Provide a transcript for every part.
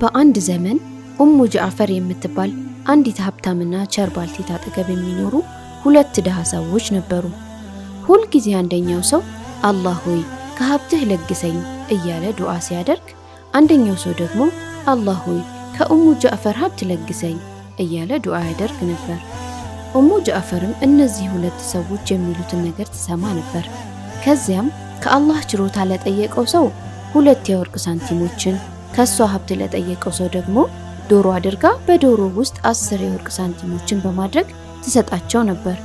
በአንድ ዘመን ኡሙ ጃዕፈር የምትባል አንዲት ሀብታምና ቸር ባልቴት አጠገብ የሚኖሩ ሁለት ድሃ ሰዎች ነበሩ። ሁልጊዜ አንደኛው ሰው አላህ ሆይ ከሀብትህ ለግሰኝ እያለ ዱዓ ሲያደርግ፣ አንደኛው ሰው ደግሞ አላህ ሆይ ከኡሙ ጃዕፈር ሀብት ለግሰኝ እያለ ዱዓ ያደርግ ነበር። ኡሙ ጃዕፈርም እነዚህ ሁለት ሰዎች የሚሉትን ነገር ትሰማ ነበር። ከዚያም ከአላህ ችሮታ ለጠየቀው ሰው ሁለት የወርቅ ሳንቲሞችን ከእሷ ሀብት ለጠየቀው ሰው ደግሞ ዶሮ አድርጋ በዶሮ ውስጥ አስር የወርቅ ሳንቲሞችን በማድረግ ትሰጣቸው ነበር።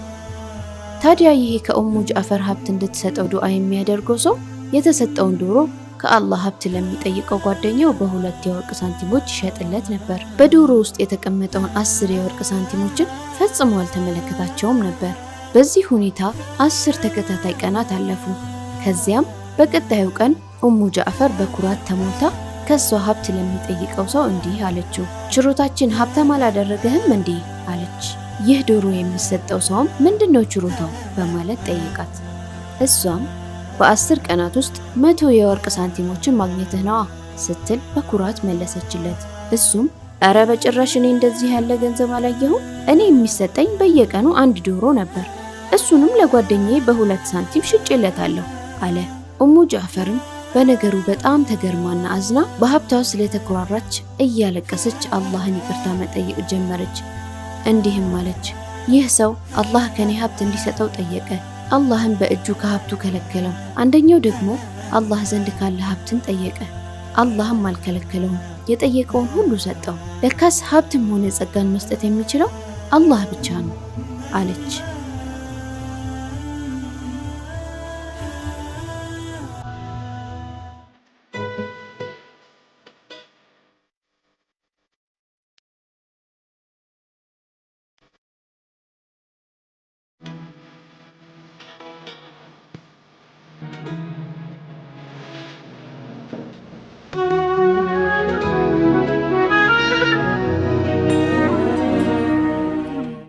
ታዲያ ይሄ ከኡሙ ጃዕፈር ሀብት እንድትሰጠው ዱዓ የሚያደርገው ሰው የተሰጠውን ዶሮ ከአላህ ሀብት ለሚጠይቀው ጓደኛው በሁለት የወርቅ ሳንቲሞች ይሸጥለት ነበር። በዶሮ ውስጥ የተቀመጠውን አስር የወርቅ ሳንቲሞችን ፈጽሞ አልተመለከታቸውም ነበር። በዚህ ሁኔታ አስር ተከታታይ ቀናት አለፉ። ከዚያም በቀጣዩ ቀን ኡሙ ጃዕፈር በኩራት ተሞልታ ከሷ ሀብት ለሚጠይቀው ሰው እንዲህ አለችው፣ ችሮታችን ሀብታም አላደረገህም እንዲህ አለች። ይህ ዶሮ የሚሰጠው ሰውም ምንድን ነው ችሮታው በማለት ጠየቃት። እሷም በአስር ቀናት ውስጥ መቶ የወርቅ ሳንቲሞችን ማግኘትህ ነዋ ስትል በኩራት መለሰችለት። እሱም እረ በጭራሽ እኔ እንደዚህ ያለ ገንዘብ አላየሁም። እኔ የሚሰጠኝ በየቀኑ አንድ ዶሮ ነበር። እሱንም ለጓደኛዬ በሁለት ሳንቲም ሽጬለታለሁ አለ። ኡሙ ጃፈርም በነገሩ በጣም ተገርማና አዝና በሀብቷ ስለተኮራራች እያለቀሰች አላህን ይቅርታ መጠየቅ ጀመረች። እንዲህም አለች፣ ይህ ሰው አላህ ከኔ ሀብት እንዲሰጠው ጠየቀ። አላህም በእጁ ከሀብቱ ከለከለው። አንደኛው ደግሞ አላህ ዘንድ ካለ ሀብትን ጠየቀ። አላህም አልከለከለውም፣ የጠየቀውን ሁሉ ሰጠው። ለካስ ሀብትም ሆነ ጸጋን መስጠት የሚችለው አላህ ብቻ ነው አለች።